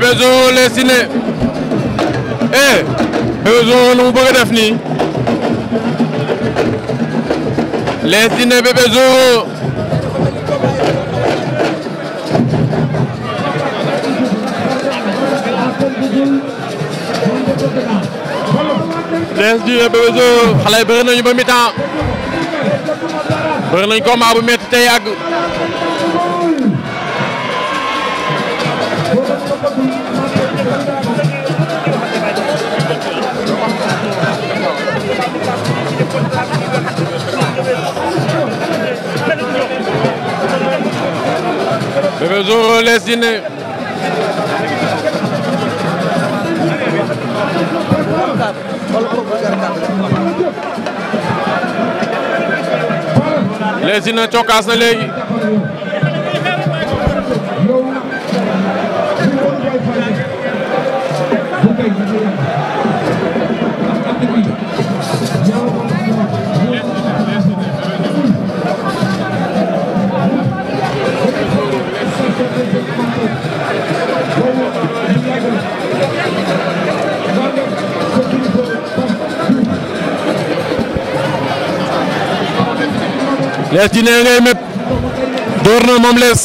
Bébé Zoe les Siné eh Bébé Zoe lu mu bëgg a def nii les Siné Bébé Zoe les Siné Bébé Zoe xale yi bëri nañu ba mi temps bëri nañu combat bu métti te Bébé Zoro Less Djiné Less Djiné cokaas na léegi lees ji nee ngay méb na moom lees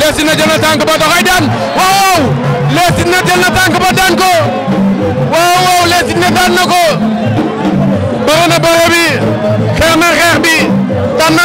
Leesi na jël tànk ba da koy waaw Leesi na jël tànk ba daan waaw waaw Leesi na daan na ko xeex na xeex bi daan na